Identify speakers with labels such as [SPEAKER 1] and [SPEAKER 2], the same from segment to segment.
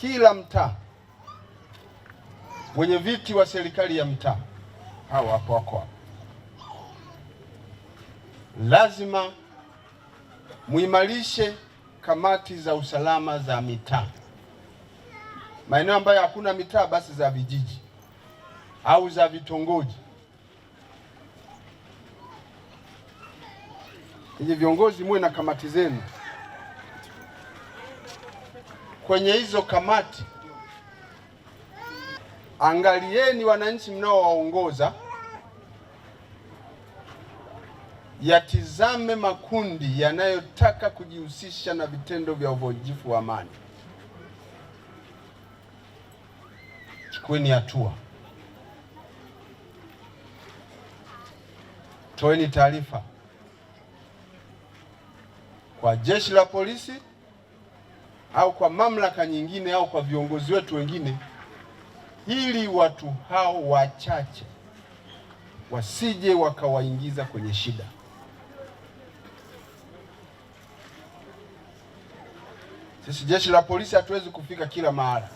[SPEAKER 1] kila mtaa, wenye viti wa serikali ya mtaa hawa hapo wako lazima muimarishe kamati za usalama za mitaa. Maeneo ambayo hakuna mitaa, basi za vijiji au za vitongoji. Ninyi viongozi muwe na kamati zenu kwenye hizo kamati, angalieni wananchi mnaowaongoza, yatizame makundi yanayotaka kujihusisha na vitendo vya uvunjifu wa amani. Chukueni hatua, toeni taarifa kwa jeshi la polisi au kwa mamlaka nyingine au kwa viongozi wetu wengine, ili watu hao wachache wasije wakawaingiza kwenye shida. Sisi jeshi la polisi hatuwezi kufika kila mahala,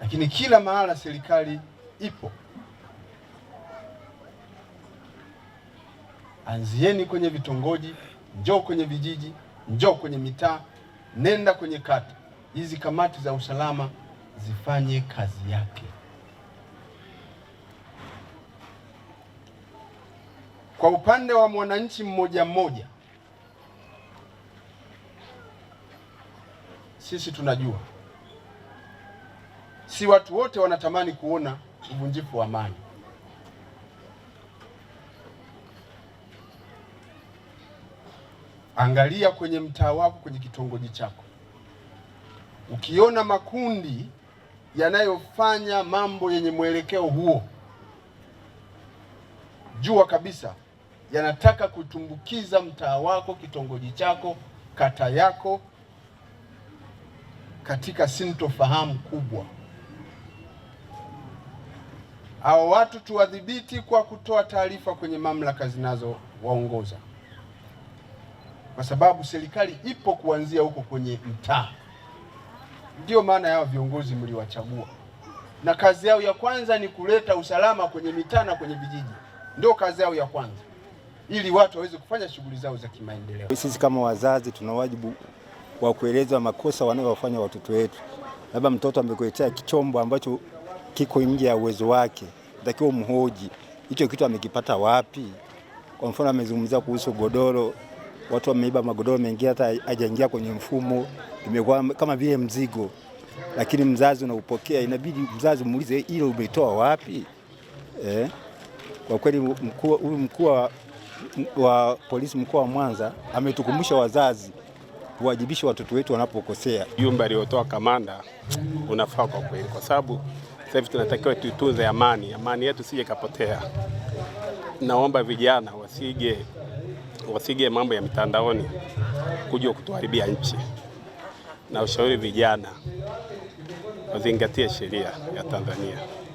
[SPEAKER 1] lakini kila mahala serikali ipo. Anzieni kwenye vitongoji, njoo kwenye vijiji, njoo kwenye mitaa nenda kwenye kata, hizi kamati za usalama zifanye kazi yake. Kwa upande wa mwananchi mmoja mmoja, sisi tunajua si watu wote wanatamani kuona uvunjifu wa amani. Angalia kwenye mtaa wako, kwenye kitongoji chako, ukiona makundi yanayofanya mambo yenye mwelekeo huo, jua kabisa yanataka kutumbukiza mtaa wako, kitongoji chako, kata yako katika sintofahamu kubwa. Hao watu tuwadhibiti kwa kutoa taarifa kwenye mamlaka zinazowaongoza kwa sababu serikali ipo kuanzia huko kwenye mtaa. Ndiyo maana yao viongozi mliwachagua, na kazi yao ya kwanza ni kuleta usalama kwenye mitaa na kwenye vijiji, ndio kazi yao ya kwanza, ili watu waweze kufanya shughuli zao za kimaendeleo.
[SPEAKER 2] Sisi kama wazazi tuna wajibu wa kueleza makosa wanayowafanya watoto wetu. Labda mtoto amekuletea kichombo ambacho kiko nje ya uwezo wake, takiwa mhoji hicho kitu amekipata wapi. Kwa mfano amezungumzia kuhusu godoro watu wameiba magodoro mengi, hata hajaingia kwenye mfumo, imekuwa kama vile mzigo, lakini mzazi unaupokea, inabidi mzazi muulize ile umetoa wapi eh? Kwa kweli huyu mkuu wa polisi mkoa wa Mwanza ametukumbusha wazazi kuwajibisha watoto wetu wanapokosea.
[SPEAKER 3] Jumbe aliyotoa kamanda unafaa kwa kweli, kwa sababu sasa hivi tunatakiwa tuitunze amani, amani yetu sije kapotea. Naomba vijana wasije wasige mambo ya mitandaoni kuja kutuharibia nchi, na ushauri vijana wazingatie sheria ya Tanzania.